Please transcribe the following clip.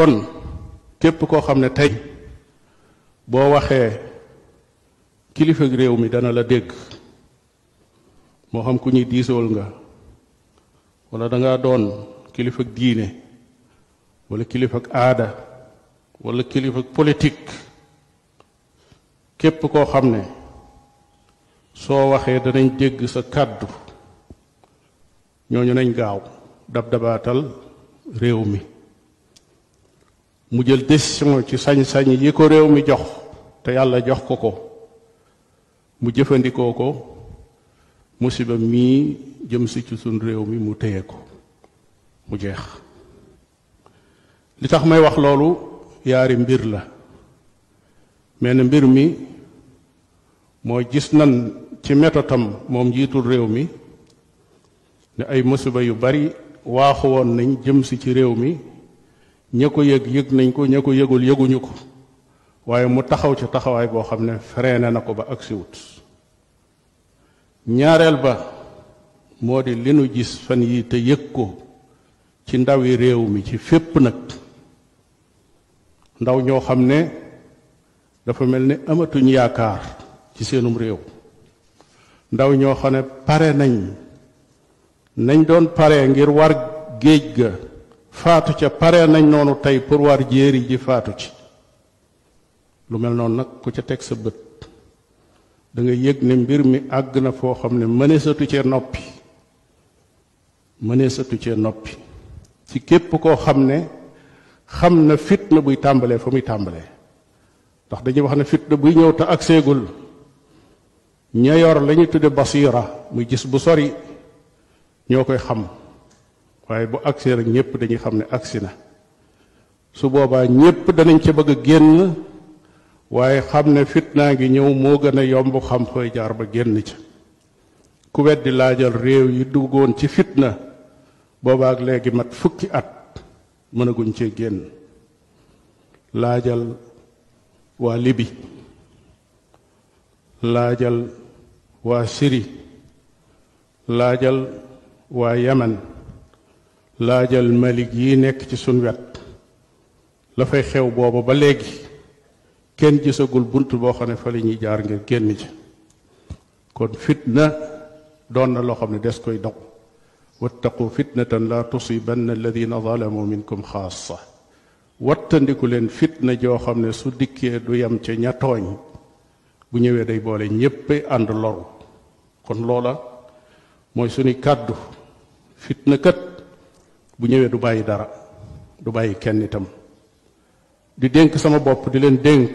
kon koo xam ne tey boo waxee kilifa réew mi dana la dégg moo xam ku ñuy diisool nga wala danga doon kilifa diine wala kilifa aada wala kilifa politik képp koo xam ne soo waxee danañ dégg sa kàddu ñooñu nañ gaaw dab dabaatal réew mi mu jël décision ci sañ-sañ yi ko réew mi jox te yàlla jox ko ko mu jëfandikoo ko musiba mii jëm si ci sun réew mi mu téye ko mu jeex li tax may wax loolu yaari mbir la menn mbir mi moo gis nan ci metotam moom njiitul réew mi ne ay musiba yu bari waaxu woon nañ jëm si ci réew mi ña ko yëg yëg nañ ko ña ko yëgul yëguñu ko waaye mu taxaw ci taxawaay boo xam ne freiné na ko ba agsi wut ñaareel ba moo di li nu gis fan yi te yëg ko ci ndawi réew mi ci fépp nag ndaw ñoo xam ne dafa mel ni amatuñ yaakaar ci seenum réew ndaw ñoo xam ne pare nañ nañ doon pare ngir war géej ga faatu ca pare nañ noonu tey pour war jéeri ji faatu ci lu mel noonu nag ku ca teg sa bët da nga yëg ne mbir mi àgg na foo xam ne mëneesatu cee noppi mëneesatu cee noppi ci képp koo xam ne xam na fitna buy tàmbalee fa muy tàmbalee ndax dañuy wax ne fitna buy ñëw te ak seegul ña yor la ñu tudde basiira muy gis bu sori ñoo koy xam waaye bu agsee rek ñëpp dañuy xam ne agsi na su boobaa ñëpp danañ ca bëgg a génn waaye xam ne fitnaa ngi ñëw moo gën a yomb xam koy jaar ba génn ca ku di laajal réew yi duggoon ci fitna boobaa ak léegi mat fukki at mënaguñ cee génn laajal waa Libi laajal waa Syrie laajal waa Yemen laajal malik yi nekk ci suñ wet la fay xew booba ba léegi kenn gisagul bunt boo xam ne fa la ñuy jaar ngir génn ci kon fitna doon na loo xam ne des koy daw wattaqu fitnatan la tusibanna alladina zalamu minkum xaasa wattandiku leen fitna joo xam ne su dikkee du yem ca ña bu ñëwee day boole ñépp ànd loru kon loola mooy suñu kàddu fitna kat bu ñëwee du bàyyi dara du bàyyi kenn itam di dénk sama bopp di leen dénk